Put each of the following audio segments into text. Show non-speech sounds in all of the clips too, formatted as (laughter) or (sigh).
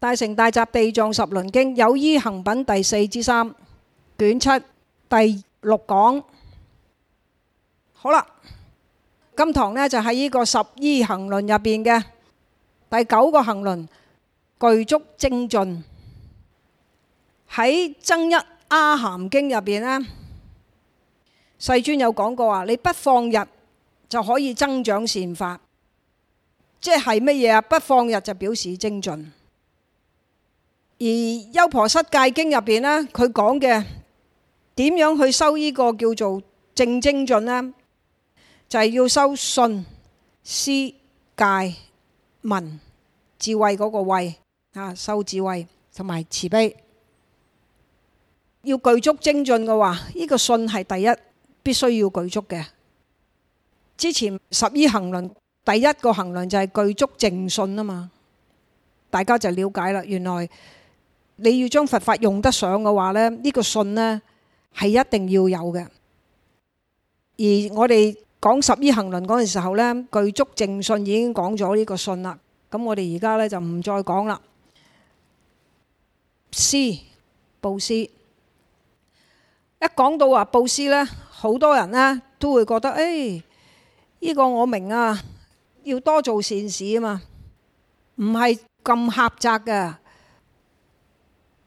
大乘大集地藏十輪經有依行品第四之三，卷七，第六講，好啦，今堂咧就喺呢個十依行輪入邊嘅第九個行輪具足精進。喺增一阿含經入邊咧，世尊有講過話，你不放逸就可以增長善法，即係乜嘢啊？不放逸就表示精進。而《優婆塞戒經》入邊呢佢講嘅點樣去修呢個叫做正精進呢就係、是、要修信、思、戒、聞、智慧嗰個慧，啊，修智慧同埋慈悲。要具足精進嘅話，呢、這個信係第一，必須要具足嘅。之前十有依輪第一個依輪就係具足淨信啊嘛，大家就了解啦。原來。你要將佛法用得上嘅話咧，呢個信咧係一定要有嘅。而我哋講十有依輪嗰陣時候咧，具足淨信已經講咗呢個信啦。咁我哋而家咧就唔再講啦。施布施，一講到話布施咧，好多人咧都會覺得誒，呢個我明啊，要多做善事啊嘛，唔係咁狹窄嘅。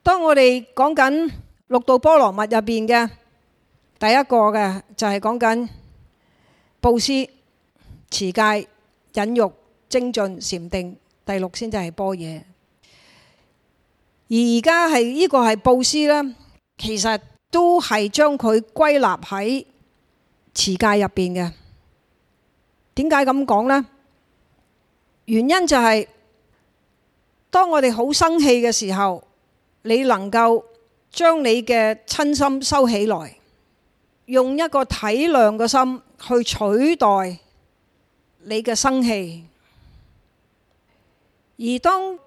當我哋講緊六度波羅蜜入邊嘅第一個嘅，就係講緊布施、持戒、忍辱、精進、禪定，第六先至係般若，而而家係呢個係布施咧，其實都係將佢歸納喺持戒入邊嘅。點解咁講呢？原因就係、是、當我哋好生氣嘅時候。你能夠將你嘅瞋心收起來，用一個體諒嘅心去取代你嘅生氣。而當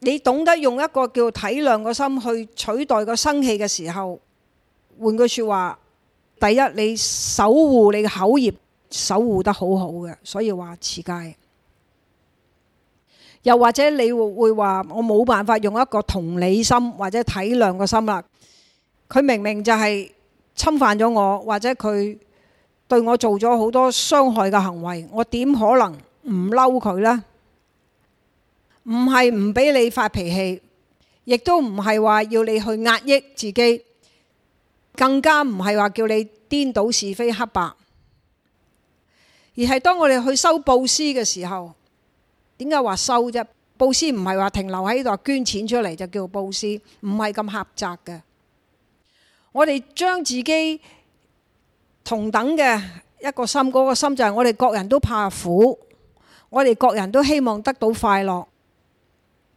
你懂得用一個叫體諒嘅心去取代個生氣嘅時候，換句説話，第一，你守護你嘅口業守護得好好嘅，所以話持戒。又或者你會會話我冇辦法用一個同理心或者體諒個心啦，佢明明就係侵犯咗我，或者佢對我做咗好多傷害嘅行為，我點可能唔嬲佢呢？唔係唔俾你發脾氣，亦都唔係話要你去壓抑自己，更加唔係話叫你顛倒是非黑白，而係當我哋去修布施嘅時候。點解話收啫？布施唔係話停留喺呢度捐錢出嚟就叫布施，唔係咁狹窄嘅。我哋將自己同等嘅一個心，嗰個心就係我哋各人都怕苦，我哋各人都希望得到快樂，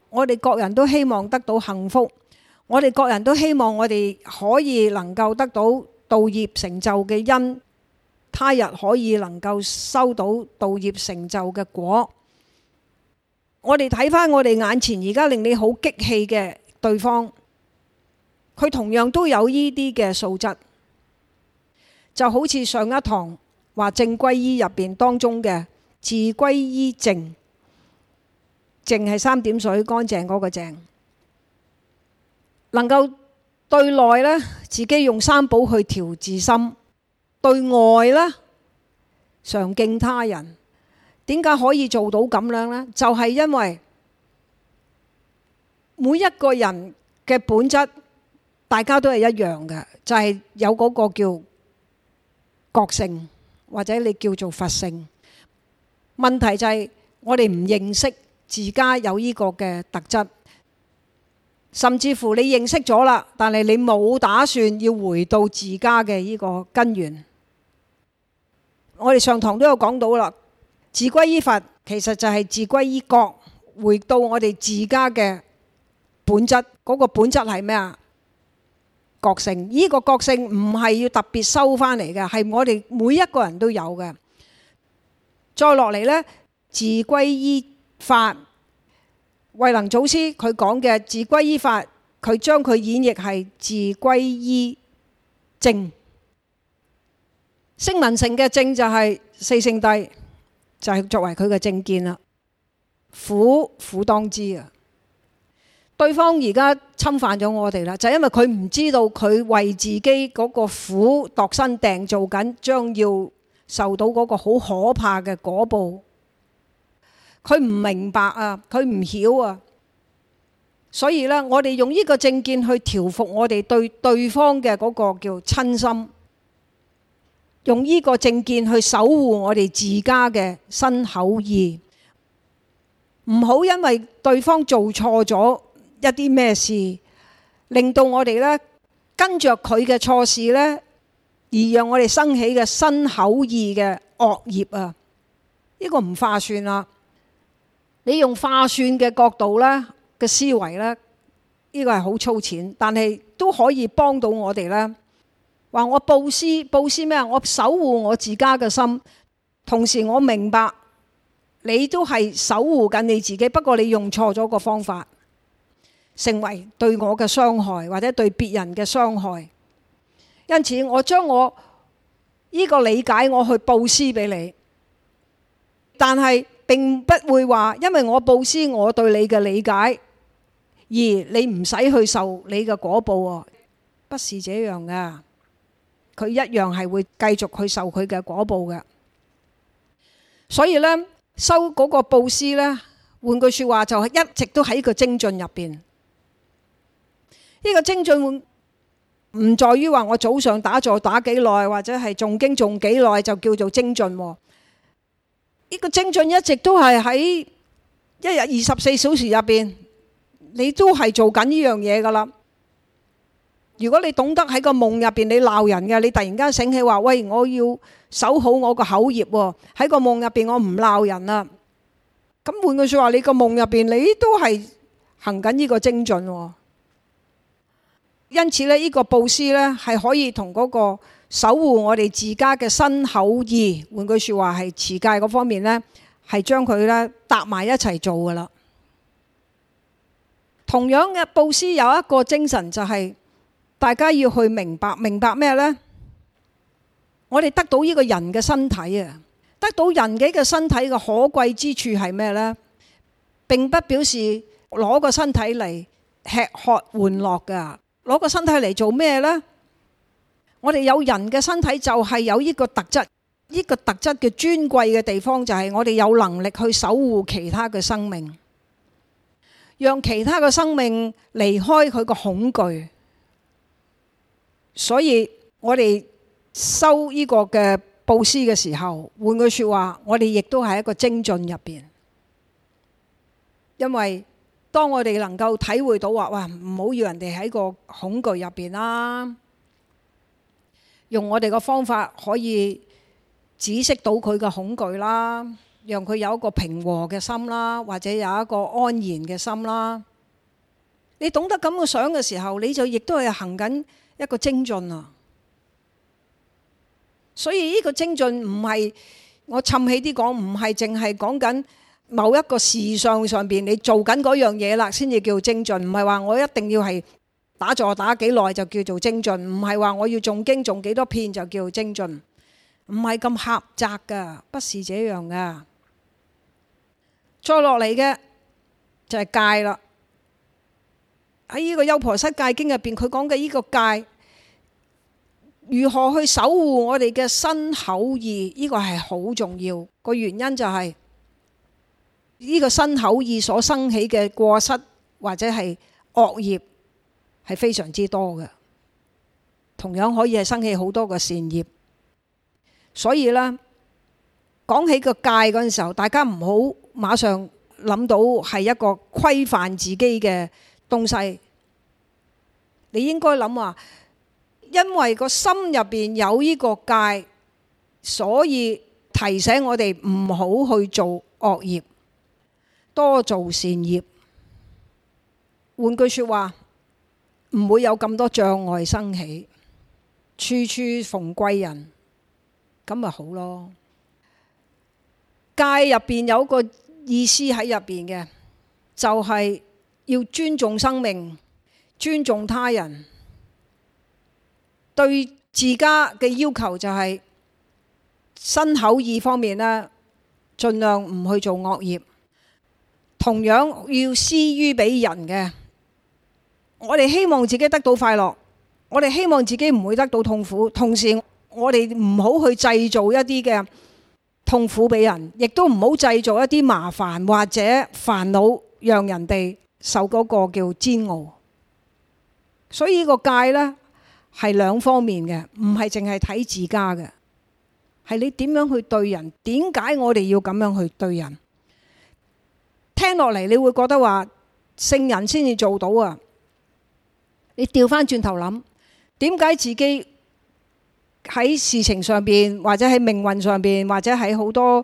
我哋各人都希望得到幸福，我哋各人都希望我哋可以能夠得到道業成就嘅因，他日可以能夠收到道業成就嘅果。我哋睇返我哋眼前而家令你好激氣嘅對方，佢同樣都有呢啲嘅素質，就好似上一堂話正歸依入邊當中嘅自歸依淨，淨係三點水乾淨嗰個淨，能夠對內呢自己用三寶去調治心，對外呢常敬他人。點解可以做到咁樣呢？就係因為每一個人嘅本質，大家都係一樣嘅，就係有嗰個叫覺性，或者你叫做佛性。問題就係我哋唔認識自家有呢個嘅特質，甚至乎你認識咗啦，但係你冇打算要回到自家嘅呢個根源。我哋上堂都有講到啦。自歸依法其實就係自歸依覺，回到我哋自家嘅本質，嗰個本質係咩啊？覺性，呢個覺性唔係要特別收翻嚟嘅，係我哋每一個人都有嘅。再落嚟呢，自歸依法，慧能祖師佢講嘅自歸依法，佢將佢演繹係自歸依正，聲聞乘嘅正就係四聖諦。就係作為佢嘅正見啦，苦苦當知啊！對方而家侵犯咗我哋啦，就係因為佢唔知道佢為自己嗰個苦度身訂造緊，將要受到嗰個好可怕嘅果報，佢唔明白啊，佢唔曉啊，所以呢，我哋用呢個正見去調伏我哋對對方嘅嗰個叫瞋心。用呢個正見去守護我哋自家嘅身口意，唔好因為對方做錯咗一啲咩事，令到我哋呢跟着佢嘅錯事呢，而讓我哋生起嘅身口意嘅惡業啊！呢個唔化算啦，你用化算嘅角度呢嘅思維呢，呢個係好粗淺，但係都可以幫到我哋咧。話我布施，布施咩啊？我守護我自家嘅心，同時我明白你都係守護緊你自己，不過你用錯咗個方法，成為對我嘅傷害或者對別人嘅傷害。因此我將我呢個理解我去布施俾你，但係並不會話，因為我布施我對你嘅理解，而你唔使去受你嘅果報。哦，不是這樣噶。佢一樣係會繼續去受佢嘅果報嘅，所以呢，修嗰個佈施呢，換句説話就一直都喺個精進入邊。呢個精進唔在於話我早上打坐打幾耐，或者係誦經誦幾耐就叫做精進。呢個精進一直都係喺一日二十四小時入邊，你都係做緊呢樣嘢噶啦。如果你懂得喺個夢入邊你鬧人嘅，你突然間醒起話喂，我要守好我個口業喎。喺個夢入邊我唔鬧人啦。咁換句說話，你個夢入邊你都係行緊呢個精進。因此咧，呢、這個布施咧係可以同嗰個守護我哋自家嘅身口意，換句說話係持戒嗰方面咧，係將佢咧搭埋一齊做噶啦。同樣嘅布施有一個精神就係、是。大家要去明白明白咩呢？我哋得到呢個人嘅身體啊，得到人嘅嘅身體嘅可貴之處係咩呢？並不表示攞個身體嚟吃喝玩樂噶，攞個身體嚟做咩呢？我哋有人嘅身體就係有呢個特質，呢個特質嘅尊貴嘅地方就係我哋有能力去守護其他嘅生命，讓其他嘅生命離開佢個恐懼。所以我哋收呢個嘅布施嘅時候，換句說話，我哋亦都係一個精進入邊。因為當我哋能夠體會到話，哇，唔好要人哋喺個恐懼入邊啦，用我哋嘅方法可以知識到佢嘅恐懼啦，讓佢有一個平和嘅心啦，或者有一個安然嘅心啦。你懂得咁嘅想嘅時候，你就亦都係行緊。一個精進啊，所以呢個精進唔係我襯起啲講，唔係淨係講緊某一個事相上邊你做緊嗰樣嘢，啦，先至叫精進。唔係話我一定要係打坐打幾耐就叫做精進，唔係話我要誦經誦幾多片就叫做精進，唔係咁狹窄噶，不是這樣噶。再落嚟嘅就係戒啦。喺呢個《優婆塞戒經》入邊，佢講嘅呢個戒，如何去守護我哋嘅身口意？呢個係好重要。個原因就係呢個身口意所生起嘅過失，或者係惡業，係非常之多嘅。同樣可以係生起好多嘅善業。所以呢，講起個戒嗰陣時候，大家唔好馬上諗到係一個規範自己嘅。東西，你應該諗話，因為個心入邊有呢個戒，所以提醒我哋唔好去做惡業，多做善業。換句說話，唔會有咁多障礙生起，處處逢貴人，咁咪好咯。戒入邊有個意思喺入邊嘅，就係、是。要尊重生命，尊重他人。對自家嘅要求就係、是、身口意方面呢盡量唔去做惡業。同樣要施於俾人嘅。我哋希望自己得到快樂，我哋希望自己唔會得到痛苦。同時，我哋唔好去製造一啲嘅痛苦俾人，亦都唔好製造一啲麻煩或者煩惱，讓人哋。受嗰個叫煎熬，所以呢個戒呢係兩方面嘅，唔係淨係睇自家嘅，係你點樣去對人，點解我哋要咁樣去對人？聽落嚟你會覺得話聖人先至做到啊！你調翻轉頭諗，點解自己喺事情上邊，或者喺命運上邊，或者喺好多？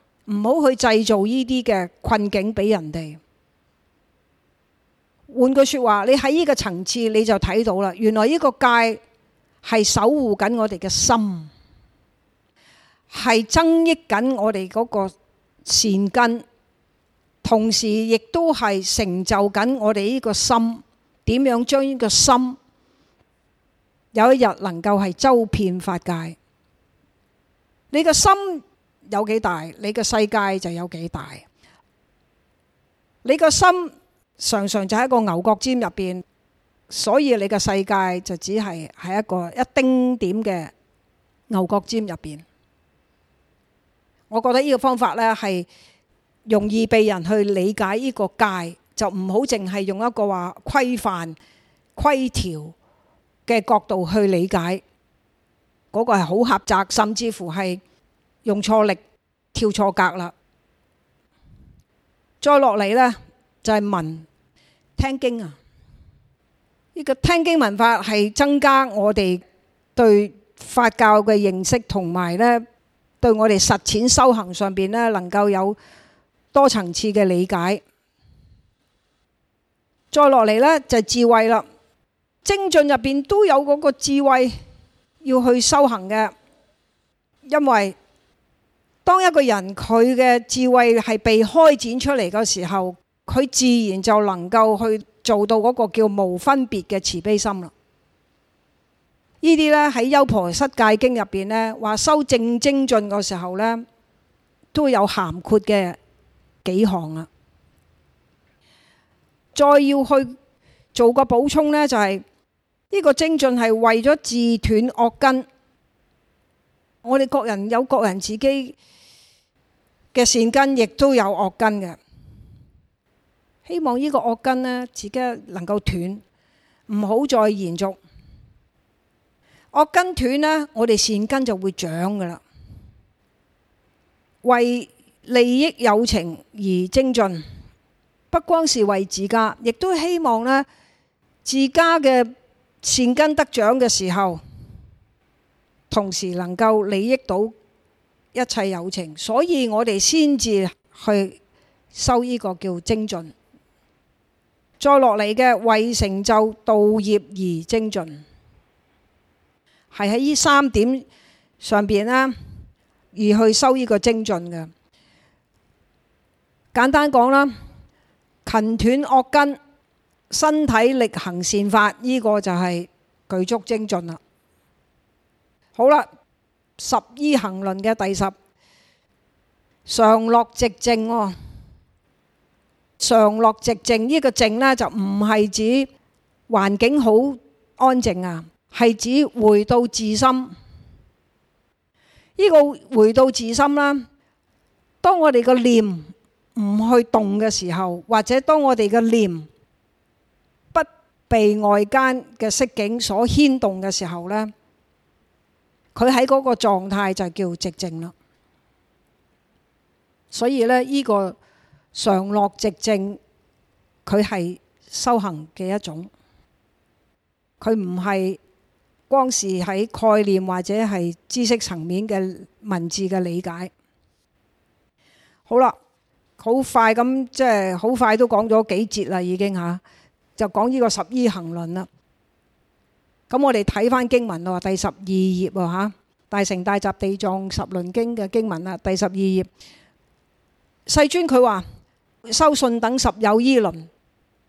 唔好去製造呢啲嘅困境俾人哋。換句說話，你喺呢個層次你就睇到啦。原來呢個戒係守護緊我哋嘅心，係增益緊我哋嗰個善根，同時亦都係成就緊我哋呢個心。點樣將呢個心有一日能夠係周遍法界。你個心。有幾大，你個世界就有幾大。你個心常常就喺一個牛角尖入邊，所以你個世界就只係喺一個一丁點嘅牛角尖入邊。我覺得呢個方法呢，係容易被人去理解呢個界，就唔好淨係用一個話規範、規條嘅角度去理解嗰、那個係好狹窄，甚至乎係。用錯力，跳錯格啦。再落嚟呢，就係、是、聞聽經啊。呢、這個聽經聞法係增加我哋對佛教嘅認識，同埋呢對我哋實踐修行上邊呢，能夠有多層次嘅理解。再落嚟呢，就是、智慧啦，精進入邊都有嗰個智慧要去修行嘅，因為。當一個人佢嘅智慧係被開展出嚟嘅時候，佢自然就能夠去做到嗰個叫無分別嘅慈悲心啦。呢啲呢，喺《優婆塞戒經》入邊呢，話修正精進嘅時候呢，都有涵括嘅幾行啦。再要去做個補充呢，就係呢個精進係為咗自斷惡根。我哋各人有各人自己。嘅善根亦都有惡根嘅，希望呢個惡根呢，自己能夠斷，唔好再延續。惡根斷呢，我哋善根就會長㗎喇。為利益有情而精進，不光是為自家，亦都希望呢，自家嘅善根得長嘅時候，同時能夠利益到。一切有情，所以我哋先至去修呢個叫精進，再落嚟嘅為成就道業而精進，係喺呢三點上邊呢而去修呢個精進嘅。簡單講啦，勤斷惡根，身體力行善法，呢個就係具足精進啦。好啦。十依行論嘅第十，常樂寂靜哦，常樂寂靜呢個靜呢，就唔係指環境好安靜啊，係指回到自心。呢個回到自心啦，當我哋個念唔去動嘅時候，或者當我哋嘅念不被外間嘅色境所牽動嘅時候呢。佢喺嗰個狀態就叫寂靜啦，所以咧呢個常樂寂靜，佢係修行嘅一種，佢唔係光是喺概念或者係知識層面嘅文字嘅理解。好啦，好快咁即係好快都講咗幾節啦，已經吓，就講呢個十依行輪啦。咁我哋睇翻經文咯，第十二頁喎，吓《大乘大集地藏十輪經》嘅經文啦，第十二頁，世尊佢話：修信等十有依輪，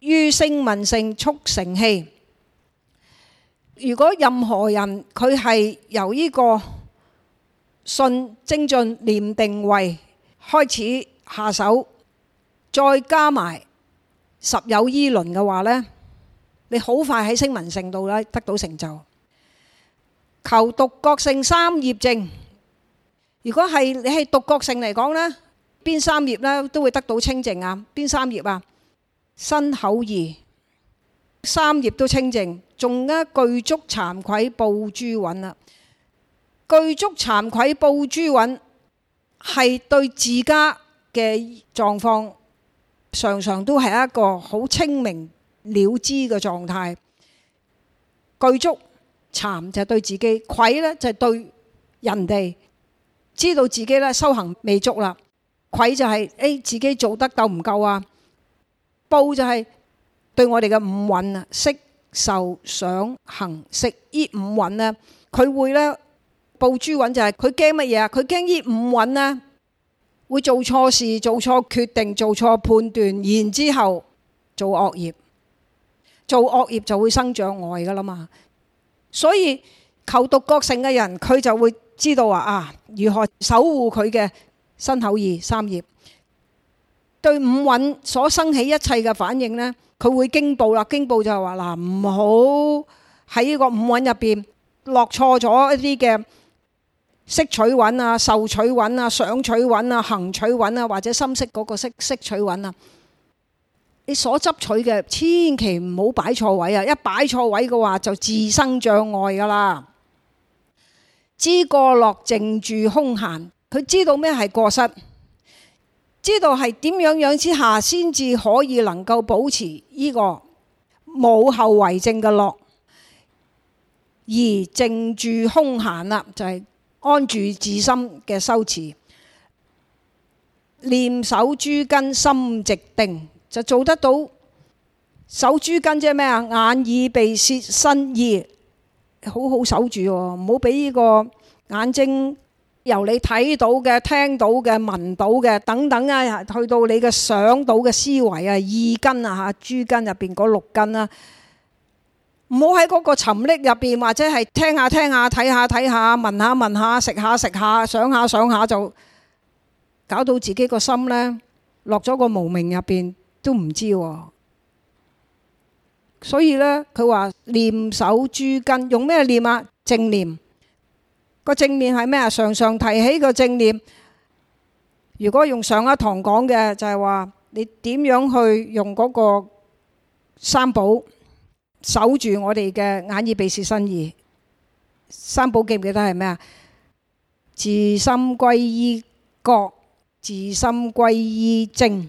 於聲聞乘速成器。如果任何人佢係由呢個信精進念定慧開始下手，再加埋十有依輪嘅話呢。你好快喺聲聞乘度咧得到成就。求獨覺乘三業淨，如果係你係獨覺乘嚟講咧，邊三業咧都會得到清淨啊？邊三業啊？身口意三業都清淨，仲加具足慚愧怖諸蘊啦。具足慚愧怖諸蘊係對自家嘅狀況，常常都係一個好清明了知嘅狀態，具足慚就係對自己，愧咧就係對人哋，知道自己咧修行未足啦。愧就係誒自己做得夠唔夠啊？怖就係對我哋嘅五蘊啊，色、受、想、行、識呢五蘊咧，佢會咧怖諸蘊就係佢驚乜嘢啊？佢驚呢五蘊咧會做錯事、做錯決定、做錯判斷，然之後做惡業。做惡業就會生障礙㗎喇嘛，所以求獨覺乘嘅人佢就會知道話，啊如何守護佢嘅身口意三業，對五蘊所生起一切嘅反應呢，佢會驚怖啦。驚怖就係話嗱，唔好喺呢個五蘊入邊落錯咗一啲嘅色取蘊啊、受取蘊啊、想取蘊啊、行取蘊啊，或者深色嗰個色，識取蘊啊。你所執取嘅千祈唔好擺錯位啊！一擺錯位嘅話，就自生障礙噶啦。知過樂靜住空閒，佢知道咩係過失，知道係點樣樣之下先至可以能夠保持呢個冇後遺症嘅樂而靜住空閒啦，就係、是、安住自心嘅修持，念守諸根心直定。就做得到守諸根啫咩啊？眼耳鼻舌身意，好好守住、哦，唔好俾呢個眼睛由你睇到嘅、聽到嘅、聞到嘅等等啊，去到你嘅想到嘅思維啊、意根啊、吓諸根入邊嗰六根啊，唔好喺嗰個沉溺入邊或者係聽下聽下、睇下睇下、聞下聞下、食下食下、想下想下，就搞到自己個心咧落咗個無明入邊。都唔知，所以呢佢話念守諸根，用咩念啊？正念個正念係咩啊？常常提起個正念。如果用上一堂講嘅，就係話你點樣去用嗰個三寶守住我哋嘅眼耳鼻舌身意。三寶記唔記得係咩啊？自心歸依覺，自心歸依正。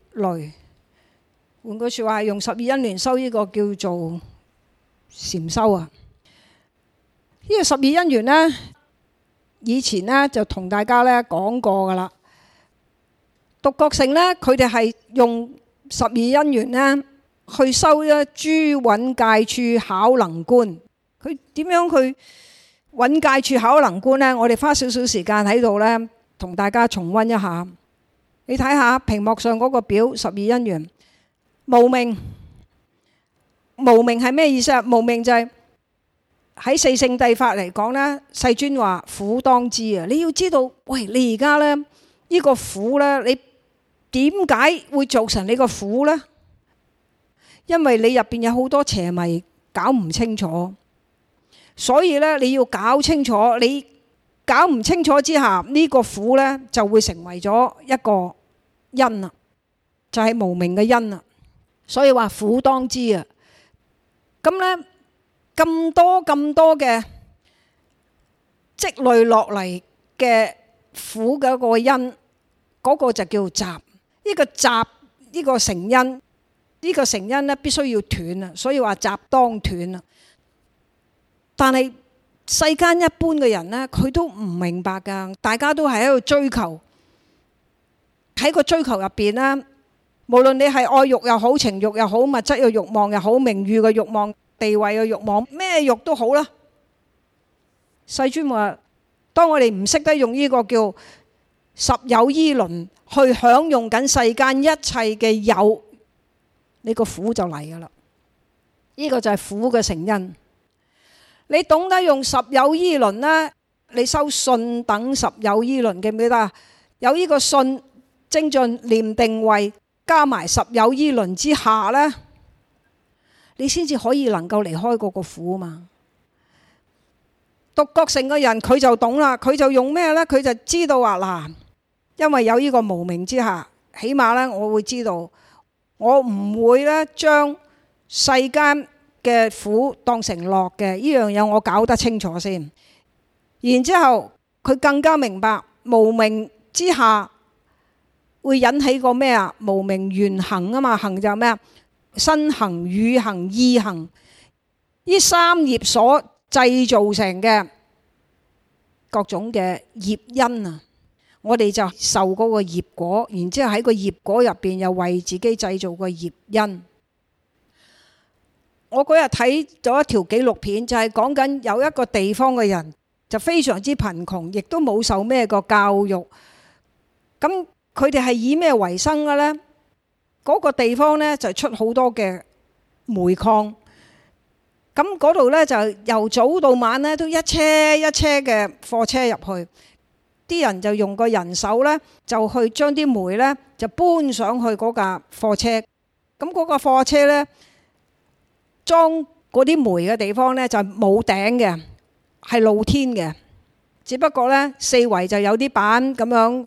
類換句說話，用十二因緣修呢個叫做禪修啊！呢、呢個十二因緣呢，以前呢就同大家咧講過噶啦。獨覺乘咧，佢哋係用十二因緣呢去修一諸蘊界處巧能觀。佢點樣去蘊界處巧能觀呢？我哋花少少時間喺度呢，同大家重温一下。你睇下屏幕上嗰個表，十二因緣，無明，無明係咩意思啊？無明就係喺四聖諦法嚟講咧，世尊話苦當知啊！你要知道，喂，你而家咧呢個苦咧，你點解會造成你個苦咧？因為你入邊有好多邪迷搞唔清楚，所以咧你要搞清楚，你搞唔清楚之下，呢個苦咧就會成為咗一個。因啦，就係、是、無名嘅因啦，所以話苦當知啊。咁咧咁多咁多嘅積累落嚟嘅苦嘅一個因，嗰、那個就叫集。呢個集呢個成因，呢個成因咧必須要斷啊，所以話集當斷啊。但係世間一般嘅人咧，佢都唔明白噶，大家都係喺度追求。喺個追求入邊啦，無論你係愛欲又好，情欲又好，物質嘅欲望又好，名譽嘅欲望、地位嘅欲望，咩欲都好啦。世尊話：當我哋唔識得用呢個叫十有依輪去享用緊世間一切嘅有，你個苦就嚟噶啦。呢個就係苦嘅成因。你懂得用十有依輪呢？你修信等十有依輪記唔記得啊？有呢個信。精進、念定、慧、加埋十有依輪之下呢，你先至可以能夠離開嗰個苦啊嘛！獨覺乘嘅人佢就懂啦，佢就用咩呢？佢就知道話嗱，因為有呢個無明之下，起碼呢，我會知道，我唔會咧將世間嘅苦當成樂嘅。呢樣嘢我搞得清楚先，然之後佢更加明白無明之下。會引起個咩啊？無明緣行啊嘛，行就咩啊？身行、語行、意行，呢三業所製造成嘅各種嘅業因啊！我哋就受嗰個業果，然之後喺個業果入邊又為自己製造個業因。我嗰日睇咗一條紀錄片，就係講緊有一個地方嘅人就非常之貧窮，亦都冇受咩個教育，咁。佢哋係以咩為生嘅呢？嗰個地方呢就出好多嘅煤礦，咁嗰度呢就由早到晚呢都一車一車嘅貨車入去，啲人就用個人手呢就去將啲煤呢就搬上去嗰架貨車，咁嗰個貨車呢裝嗰啲煤嘅地方呢就冇頂嘅，係露天嘅，只不過呢四圍就有啲板咁樣。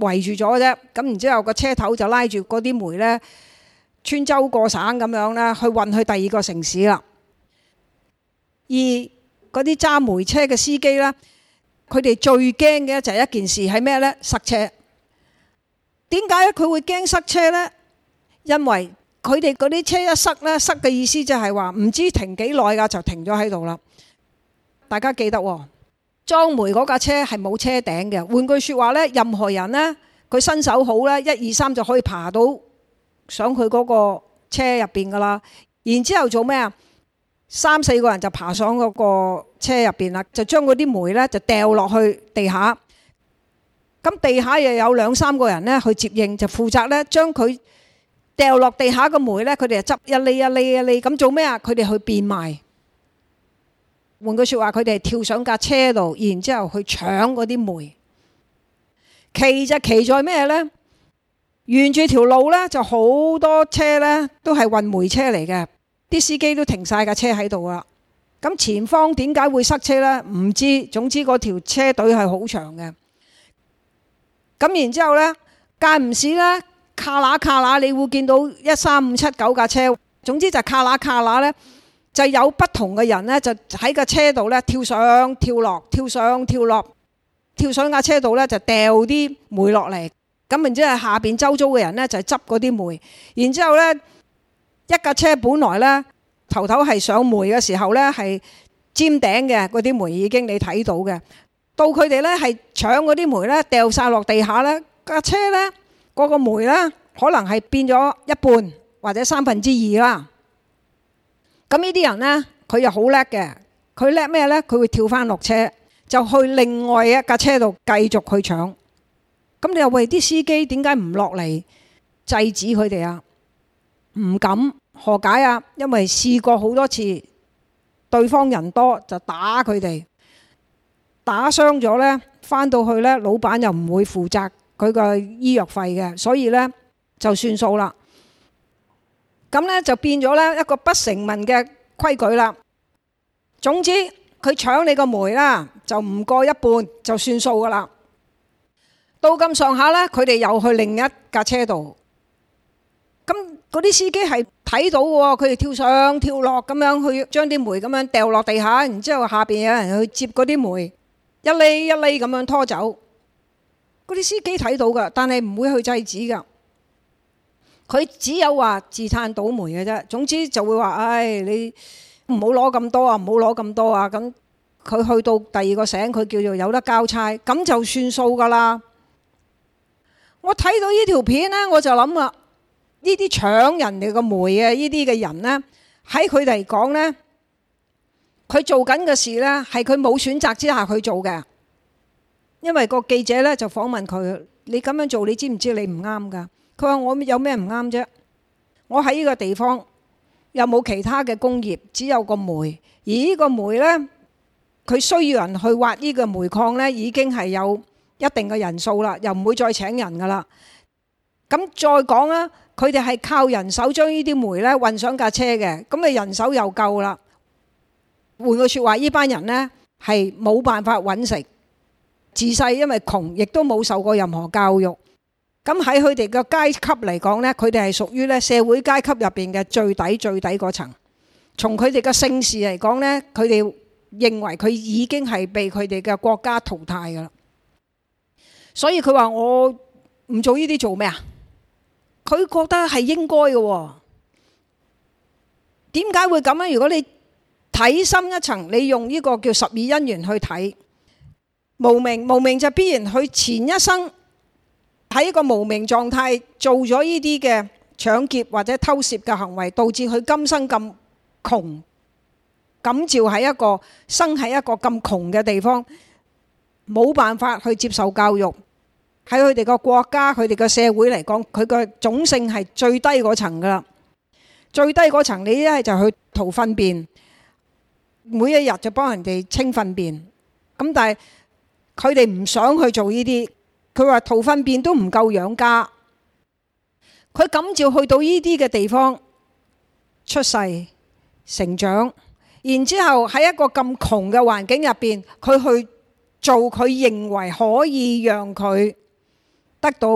圍住咗啫，咁然之後個車頭就拉住嗰啲煤呢，穿州過省咁樣呢，去運去第二個城市啦。而嗰啲揸煤車嘅司機呢，佢哋最驚嘅就係一件事，係咩呢？塞車。點解佢會驚塞車呢？因為佢哋嗰啲車一塞呢，塞嘅意思就係話唔知停幾耐㗎，就停咗喺度啦。大家記得喎，哦。裝煤嗰架車係冇車頂嘅，換句說話呢，任何人呢，佢身手好呢，一二三就可以爬到上佢嗰個車入邊噶啦。然之後做咩啊？三四個人就爬上嗰個車入邊啦，就將嗰啲煤呢就掉落去地下。咁地下又有兩三個人呢去接應，就負責呢將佢掉落地下嘅煤呢，佢哋就執一厘啊厘啊厘咁做咩啊？佢哋去變賣。換句説話，佢哋跳上架車度，然之後去搶嗰啲煤。奇就奇在咩呢？沿住條路呢，就好多車呢都係運煤車嚟嘅。啲司機都停晒架車喺度啊。咁前方點解會塞車呢？唔知。總之嗰條車隊係好長嘅。咁然之後呢，間唔時呢，卡拉卡拉，你會見到一三五七九架車。總之就卡拉卡拉呢。就有不同嘅人呢，就喺個車度呢跳上跳落，跳上跳落，跳上架車度呢就掉啲煤落嚟。咁然之後下邊周遭嘅人呢，就執嗰啲煤。然之後呢，一架車本來呢頭頭係上煤嘅時候呢係尖頂嘅，嗰啲煤已經你睇到嘅。到佢哋呢係搶嗰啲煤呢掉晒落地下呢，架車呢，嗰個煤呢可能係變咗一半或者三分之二啦。咁呢啲人咧，佢又好叻嘅。佢叻咩咧？佢會跳返落車，就去另外一架車度繼續去搶。咁你又喂啲司機點解唔落嚟制止佢哋啊？唔敢，何解啊？因為試過好多次，對方人多就打佢哋，打傷咗咧，返到去咧，老闆又唔會負責佢個醫藥費嘅，所以咧就算數啦。咁呢就變咗呢一個不成文嘅規矩啦。總之佢搶你個煤啦，就唔過一半就算數噶啦。到咁上下呢，佢哋又去另一架車度。咁嗰啲司機係睇到喎，佢哋跳上跳落咁樣去將啲煤咁樣掉落地下，然之後下邊有人去接嗰啲煤，一粒一粒咁樣拖走。嗰啲司機睇到噶，但係唔會去制止噶。佢只有話自嘆倒霉嘅啫，總之就會話：唉、哎，你唔好攞咁多啊，唔好攞咁多啊！咁佢去到第二個省，佢叫做有得交差，咁就算數噶啦。我睇到呢條片呢，我就諗啊，呢啲搶人哋個煤嘅呢啲嘅人呢，喺佢嚟講呢，佢做緊嘅事呢，係佢冇選擇之下去做嘅，因為個記者呢，就訪問佢：你咁樣做，你知唔知你唔啱噶？佢話：我有咩唔啱啫？我喺呢個地方又冇其他嘅工業，只有個煤。而呢個煤呢，佢需要人去挖呢個煤礦呢，已經係有一定嘅人數啦，又唔會再請人噶啦。咁再講啦，佢哋係靠人手將呢啲煤呢運上架車嘅，咁啊人手又夠啦。換個説話，呢班人呢係冇辦法揾食，自細因為窮，亦都冇受過任何教育。咁喺佢哋嘅階級嚟講呢，佢哋係屬於呢社會階級入邊嘅最底最底嗰層。從佢哋嘅姓氏嚟講呢，佢哋認為佢已經係被佢哋嘅國家淘汰噶啦。所以佢話，我唔做呢啲做咩啊？佢覺得係應該嘅。點解會咁咧？如果你睇深一層，你用呢個叫十二因緣去睇，無明，無明就必然佢前一生。喺一個無明狀態做咗呢啲嘅搶劫或者偷竊嘅行為，導致佢今生咁窮，感召喺一個生喺一個咁窮嘅地方，冇辦法去接受教育。喺佢哋個國家，佢哋個社會嚟講，佢個種姓係最低嗰層噶啦，最低嗰層你一係就去掏糞便，每一日就幫人哋清糞便。咁但係佢哋唔想去做呢啲。佢話淘糞便都唔夠養家，佢噉照去到呢啲嘅地方出世成長，然之後喺一個咁窮嘅環境入邊，佢去做佢認為可以讓佢得到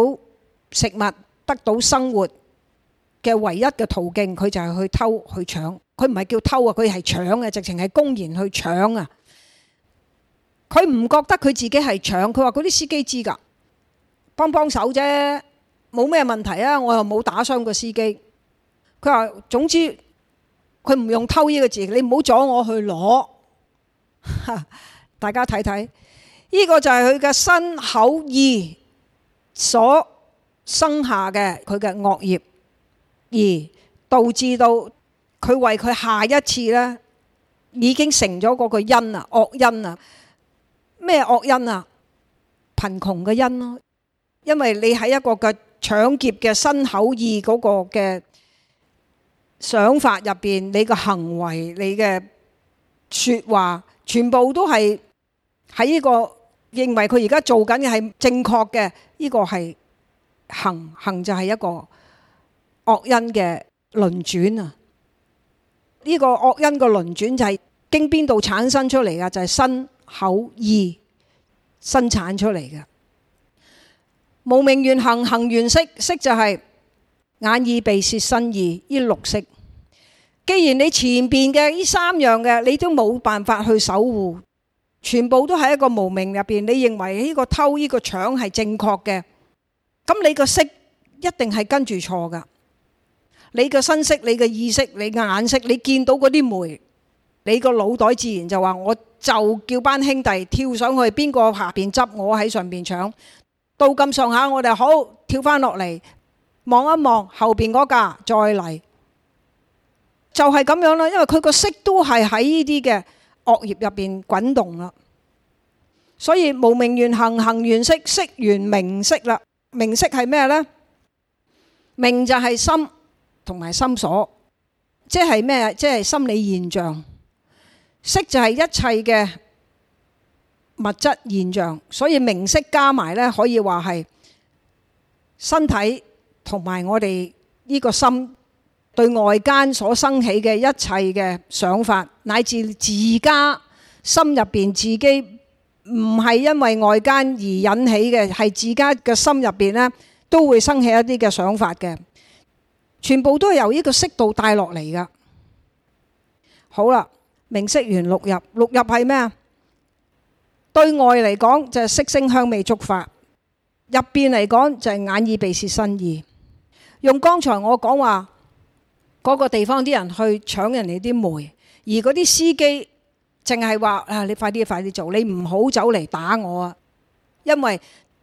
食物、得到生活嘅唯一嘅途徑，佢就係去偷去搶。佢唔係叫偷啊，佢係搶嘅，直情係公然去搶啊！佢唔覺得佢自己係搶。佢話：嗰啲司機知㗎。幫幫手啫，冇咩問題啊！我又冇打傷個司機。佢話，總之佢唔用偷呢個字，你唔好阻我去攞。 (laughs) 大家睇睇，呢個就係佢嘅身口意所生下嘅佢嘅惡業，而導致到佢為佢下一次呢已經成咗嗰個因啊，惡因啊，咩惡因啊？貧窮嘅因咯。因為你喺一個嘅搶劫嘅身口意嗰個嘅想法入邊，你嘅行為、你嘅說話，全部都係喺呢個認為佢而家做緊嘅係正確嘅，呢、這個係行行就係一個惡因嘅輪轉啊！呢、這個惡因嘅輪轉就係經邊度產生出嚟噶？就係、是、身口意生產出嚟嘅。無明緣行，行緣識，識就係眼耳鼻舌身意呢六識。既然你前邊嘅呢三樣嘅你都冇辦法去守護，全部都喺一個無明入邊。你認為呢個偷呢、呢個搶係正確嘅，咁你個識一定係跟住錯噶。你嘅身識、你嘅意識、你嘅眼識，你見到嗰啲煤，你個腦袋自然就話我就叫班兄弟跳上去，邊個下邊執，我喺上邊搶。到咁上下，我哋好跳翻落嚟望一望後邊嗰架，再嚟就係咁樣啦。因為佢個色都係喺呢啲嘅惡業入邊滾動啦。所以無明緣行，行緣識，識緣名色啦，名色係咩呢？名就係心同埋心所，即係咩？即係心理現象。色就係一切嘅。物質現象，所以名色加埋呢，可以話係身體同埋我哋呢個心對外間所生起嘅一切嘅想法，乃至自家心入邊自己唔係因為外間而引起嘅，係自家嘅心入邊呢都會生起一啲嘅想法嘅，全部都係由呢個色度帶落嚟噶。好啦，名色完六入，六入係咩啊？對外嚟講就係色聲香味觸法，入邊嚟講就係眼耳鼻舌身意。用剛才我講話嗰個地方啲人去搶人哋啲煤，而嗰啲司機淨係話啊，你快啲，快啲做，你唔好走嚟打我啊！因為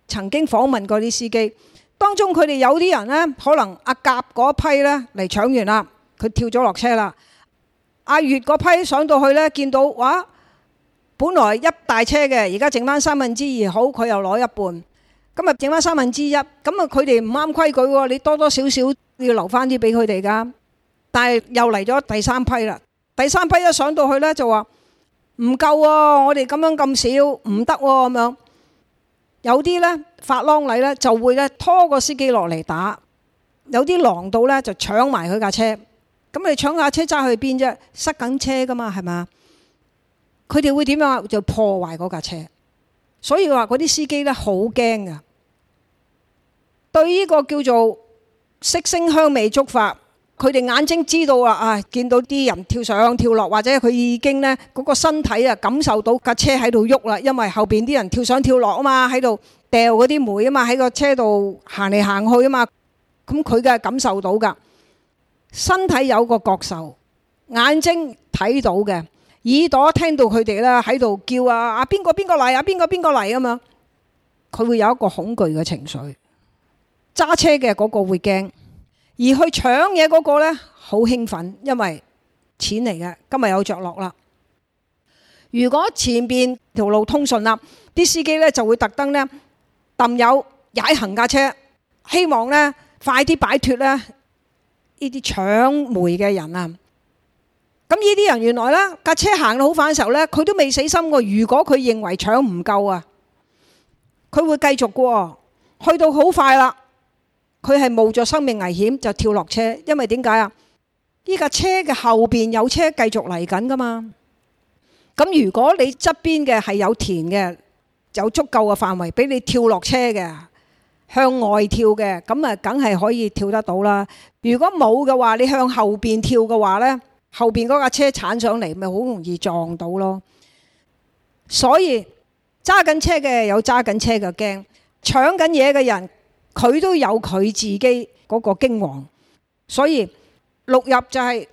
曾經訪問過啲司機，當中佢哋有啲人呢，可能阿甲嗰批呢嚟搶完啦，佢跳咗落車啦。阿月嗰批上到去呢，見到哇！本來一大車嘅，而家剩翻三分之二好，佢又攞一半。今日剩翻三分之一，咁啊佢哋唔啱規矩喎，你多多少少要留翻啲俾佢哋噶。但係又嚟咗第三批啦，第三批一上到去呢，就話唔夠喎，我哋咁樣咁少唔得喎咁樣。有啲呢，發狼戾呢就會咧拖個司機落嚟打，有啲狼到呢就搶埋佢架車。咁你搶架車揸去邊啫？塞緊車噶嘛係咪啊？佢哋會點樣啊？就破壞嗰架車，所以話嗰啲司機咧好驚噶。對呢個叫做色聲香味觸法，佢哋眼睛知道啦啊、哎！見到啲人跳上跳落，或者佢已經咧嗰、嗰個身體啊感受到架車喺度喐啦，因為後邊啲人跳上跳落啊嘛，喺度掉嗰啲煤啊嘛，喺個車度行嚟行去啊嘛，咁佢嘅感受到噶，身體有個覺受，眼睛睇到嘅。耳朵聽到佢哋咧喺度叫啊，啊邊個邊個嚟啊，邊個邊個嚟啊嘛，佢會有一個恐懼嘅情緒。揸車嘅嗰個會驚，而去搶嘢嗰個咧好興奮，因為錢嚟嘅，今日有着落啦。如果前邊條路通順啦，啲司機呢就會特登呢，揼有踩行架車，希望呢快啲擺脫呢，呢啲搶煤嘅人啊！咁呢啲人原來呢，架車行到好快嘅時候呢，佢都未死心喎。如果佢認為搶唔夠啊，佢會繼續喎。去到好快啦，佢係冒著生命危險就跳落車，因為點解啊？呢架車嘅後邊有車繼續嚟緊㗎嘛。咁如果你側邊嘅係有田嘅，有足夠嘅範圍俾你跳落車嘅，向外跳嘅，咁啊梗係可以跳得到啦。如果冇嘅話，你向後邊跳嘅話呢。後邊嗰架車鏟上嚟，咪好容易撞到咯。所以揸緊車嘅有揸緊車嘅驚，搶緊嘢嘅人佢都有佢自己嗰個驚惶。所以六入就係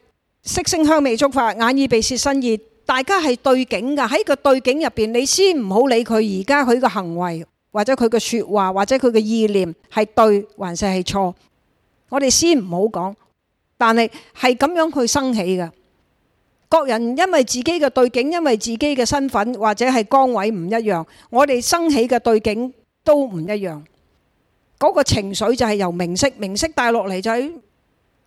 色聲香味觸法，眼耳鼻舌身意。大家係對境噶，喺個對境入邊，你先唔好理佢而家佢個行為或者佢嘅說話或者佢嘅意念係對還是係錯，我哋先唔好講。但係係咁樣去生起嘅，各人因為自己嘅對境，因為自己嘅身份或者係崗位唔一樣，我哋生起嘅對境都唔一樣。嗰個情緒就係由名色，名色帶落嚟就係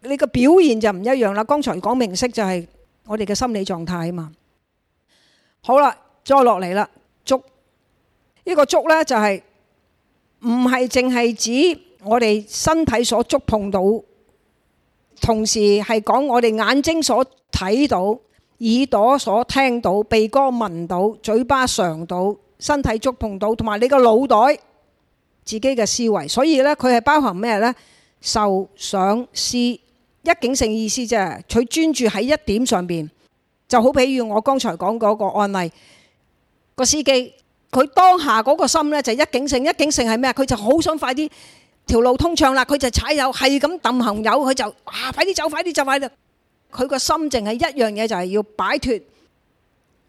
你個表現就唔一樣啦。剛才講名色就係我哋嘅心理狀態啊嘛。好啦，再落嚟啦，觸呢個觸呢就係唔係淨係指我哋身體所觸碰到。同時係講我哋眼睛所睇到、耳朵所聽到、鼻哥聞到、嘴巴嘗到、身體觸碰到，同埋你個腦袋自己嘅思維。所以呢，佢係包含咩呢？受想思一境性，意思啫。佢專注喺一點上邊。就好比如我剛才講嗰個案例，個司機佢當下嗰個心呢，就係一境性。一境性係咩？佢就好想快啲。條路通暢啦，佢就踩油，係咁揼行油，佢就哇！快啲走，快啲走，快啲！佢個心淨係一樣嘢，就係、是、要擺脫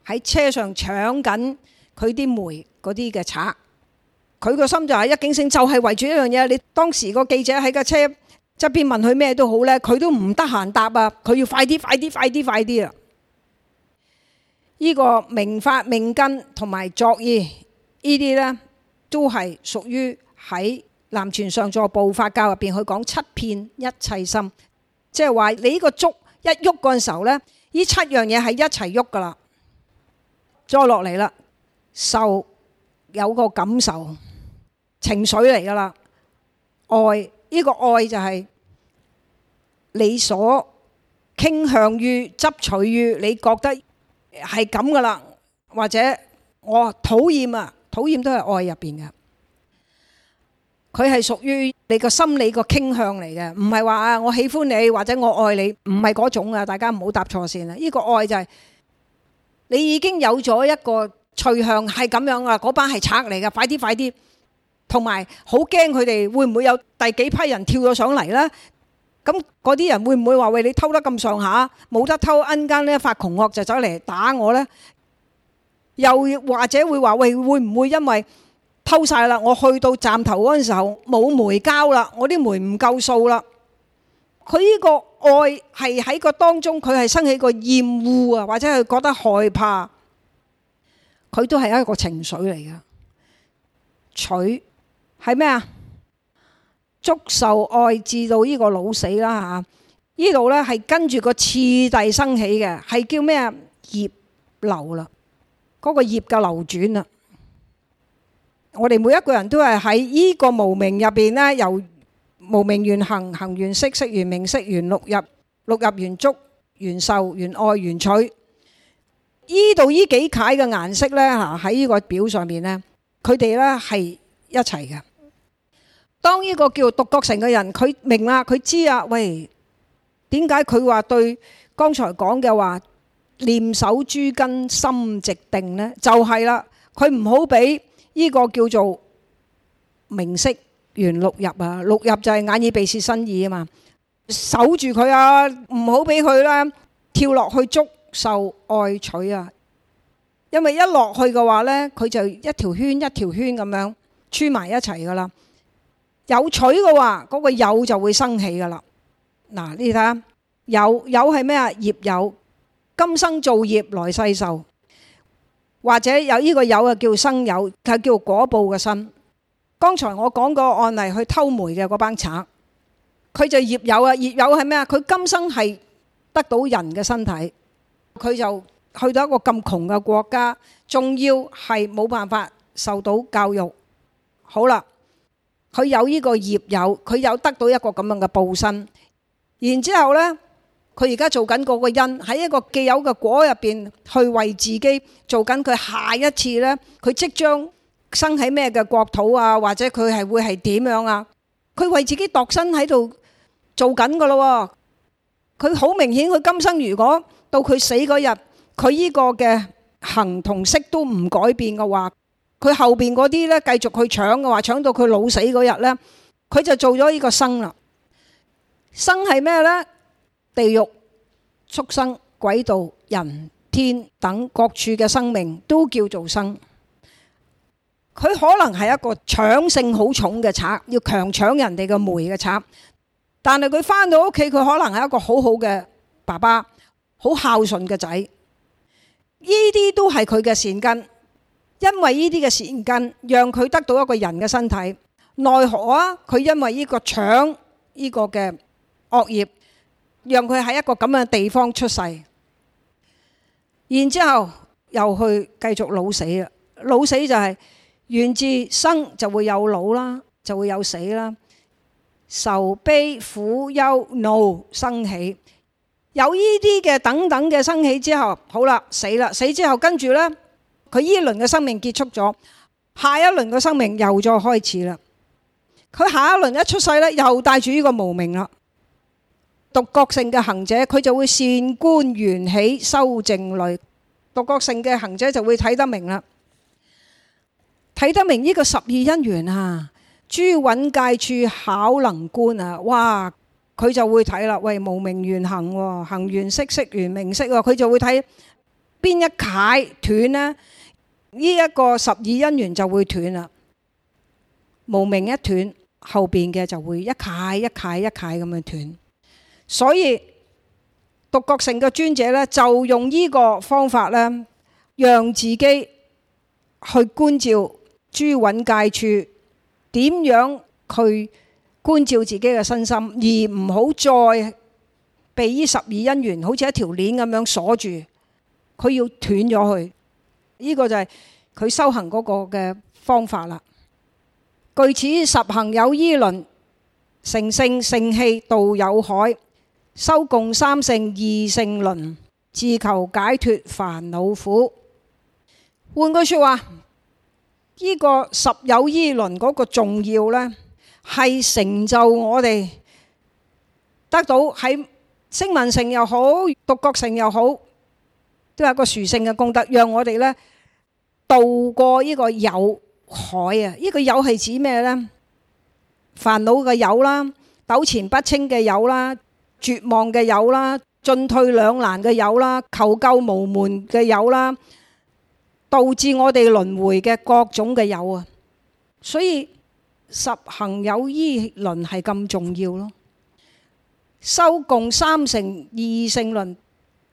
喺車上搶緊佢啲煤嗰啲嘅賊。佢個心就係一警性，就係圍住一樣嘢。你當時個記者喺架車側邊問佢咩都好呢，佢都唔得閒答啊！佢要快啲，快啲，快啲，快啲啊！呢、這個明法命根同埋作意呢啲呢，都係屬於喺。南傳上座部法教入邊佢講七遍一切心，即係話你呢個足一喐嗰陣時候咧，呢七樣嘢係一齊喐噶啦。再落嚟啦，受有個感受、情緒嚟噶啦。愛呢、呢個愛就係你所傾向於執取於你覺得係咁噶啦，或者我討厭啊，討厭都係愛入邊嘅。佢係屬於你個心理個傾向嚟嘅，唔係話啊，我喜歡你或者我愛你，唔係嗰種啊，大家唔好搭錯線啦。呢個愛就係你已經有咗一個趨向係咁樣啊，嗰班係賊嚟嘅，快啲快啲。同埋好驚佢哋會唔會有第幾批人跳咗上嚟呢？咁嗰啲人會唔會話喂，你偷得咁上下，冇得偷恩間呢，發窮惡就走嚟打我呢？又或者會話喂，會唔會因為？偷晒啦！我去到站頭嗰陣時候冇煤膠啦，我啲煤唔夠數啦。佢呢個愛係喺個當中，佢係生起個厭惡啊，或者係覺得害怕，佢都係一個情緒嚟嘅。取係咩啊？觸受愛至到呢個老死啦吓，呢度呢係跟住個次第生起嘅，係叫咩啊？業流啦，嗰個業嘅流轉啊。我哋每一個人都係喺呢個無明入邊咧，由無明緣行，行緣識，識緣名色，色緣六入，六入緣觸，緣受，緣愛，緣取。呢度呢幾楷嘅顏色咧，吓喺呢個表上面咧，佢哋咧係一齊嘅。當呢個叫獨覺乘嘅人，佢明啦，佢知啊，喂，點解佢話對剛才講嘅話念守諸根心寂定咧？就係啦，佢唔好俾。呢個叫做名色緣六入啊，六入就係眼耳鼻舌身意啊嘛，守住佢啊，唔好俾佢咧跳落去捉受愛取啊，因為一落去嘅話咧，佢就一條圈一條圈咁樣串埋一齊噶啦，有取嘅話，嗰個有就會生起噶啦。嗱，你睇下有有係咩啊？業有，今生造業，來世受。或者有呢個有啊，叫生有，佢叫果報嘅身。剛才我講個案例，去偷煤嘅嗰班賊，佢就業有啊，業有係咩啊？佢今生係得到人嘅身體，佢就去到一個咁窮嘅國家，仲要係冇辦法受到教育。好啦，佢有呢個業有，佢有得到一個咁樣嘅報身，然之後呢。佢而家做緊嗰個因喺一個既有嘅果入邊，去為自己做緊佢下一次呢佢即將生喺咩嘅國土啊？或者佢係會係點樣啊？佢為自己度身喺度做緊噶咯。佢好明顯，佢今生如果到佢死嗰日，佢呢個嘅行同識都唔改變嘅話，佢後邊嗰啲呢繼續去搶嘅話，搶到佢老死嗰日呢，佢就做咗呢個生啦。生係咩呢？地獄、畜生、鬼道、人天等各處嘅生命都叫做生。佢可能係一個搶性好重嘅賊，要強搶人哋嘅煤嘅賊，但係佢返到屋企，佢可能係一個好好嘅爸爸，好孝順嘅仔。呢啲都係佢嘅善根，因為呢啲嘅善根，讓佢得到一個人嘅身體。奈何啊，佢因為呢個搶呢個嘅惡業。讓佢喺一個咁樣嘅地方出世，然之後又去繼續老死啦。老死就係源自生就會有老啦，就會有死啦。愁悲苦憂怒生起，有呢啲嘅等等嘅生起之後，好啦，死啦，死之後跟住呢，佢呢一輪嘅生命結束咗，下一輪嘅生命又再開始啦。佢下一輪一出世呢，又帶住呢個無明啦。獨覺性嘅行者，佢就會善觀緣起，修靜慮。獨覺性嘅行者就會睇得明啦，睇得明呢個十二因緣啊，諸蘊界處巧能觀啊，哇！佢就會睇啦，喂，無明緣行、啊，行緣識，識緣名色，佢、啊、就會睇邊一楷斷呢？呢、這、一個十二因緣就會斷啦，無明一斷，後邊嘅就會一楷一楷一楷咁樣斷。所以獨覺乘嘅尊者呢，就用呢個方法呢，讓自己去觀照諸蘊界處，點樣去觀照自己嘅身心，而唔好再被呢十二因緣好似一條鏈咁樣鎖住。佢要斷咗佢。呢、這個就係佢修行嗰個嘅方法啦。具此十行有依輪，成勝乘器渡有海。修共三乘二乘輪，自求解脫煩惱苦。換句說話，呢、這個十有依輪嗰個重要呢，係成就我哋得到喺聲聞乘又好、獨覺乘又好，都有一個殊勝嘅功德，讓我哋呢渡過呢個有海啊！呢、這個有係指咩呢？煩惱嘅有啦，糾纏不清嘅有啦。絕望嘅有啦，進退兩難嘅有啦，求救無門嘅有啦，導致我哋輪迴嘅各種嘅有啊，所以十行有依輪係咁重要咯。修共三乘二乘輪，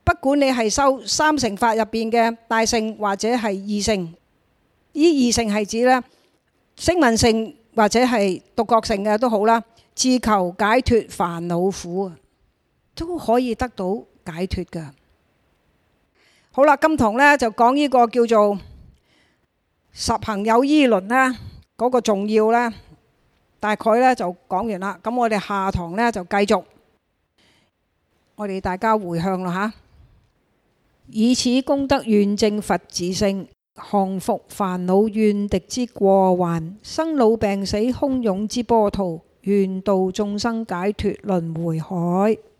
不管你係修三乘法入邊嘅大乘或者係二,二乘，依二乘係指呢，聲聞乘或者係獨覺乘嘅都好啦，自求解脫煩惱苦啊！都可以得到解脫噶。好啦，今堂咧就講呢個叫做十行有依輪啦，嗰個重要咧大概咧就講完啦。咁我哋下堂咧就繼續，我哋大家回向啦吓。以此功德願證佛自性，降伏煩惱怨敵之過患，生老病死洶湧之波濤，願度眾生解脫輪迴海。